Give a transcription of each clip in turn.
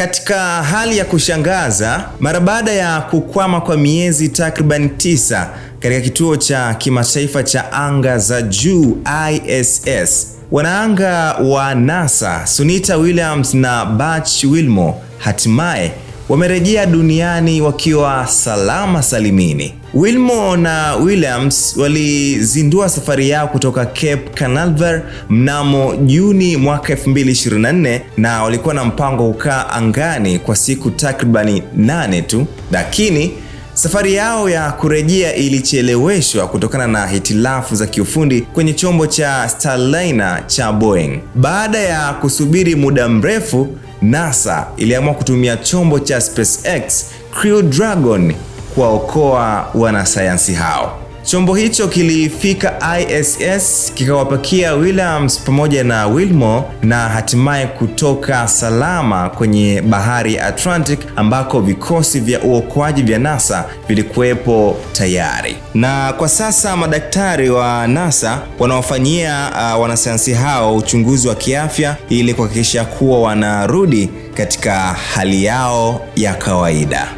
Katika hali ya kushangaza, mara baada ya kukwama kwa miezi takriban tisa katika kituo cha kimataifa cha anga za juu ISS, wanaanga wa NASA Sunita Williams na Butch Wilmore hatimaye wamerejea duniani wakiwa salama salimini. wilmo na Williams walizindua safari yao kutoka Cape Canaveral mnamo Juni mwaka 2024 na walikuwa na mpango kukaa angani kwa siku takribani 8 tu, lakini Safari yao ya kurejea ilicheleweshwa kutokana na hitilafu za kiufundi kwenye chombo cha Starliner cha Boeing. Baada ya kusubiri muda mrefu, NASA iliamua kutumia chombo cha SpaceX Crew Dragon kuwaokoa wanasayansi hao. Chombo hicho kilifika ISS kikawapakia Williams pamoja na Wilmore na hatimaye kutoka salama kwenye bahari ya Atlantic ambako vikosi vya uokoaji vya NASA vilikuwepo tayari. Na kwa sasa madaktari wa NASA wanawafanyia uh, wanasayansi hao uchunguzi wa kiafya ili kuhakikisha kuwa wanarudi katika hali yao ya kawaida.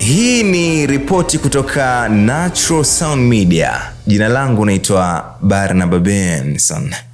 Hii ni ripoti kutoka Natural Sound Media. Jina langu naitwa Barnaba Benson.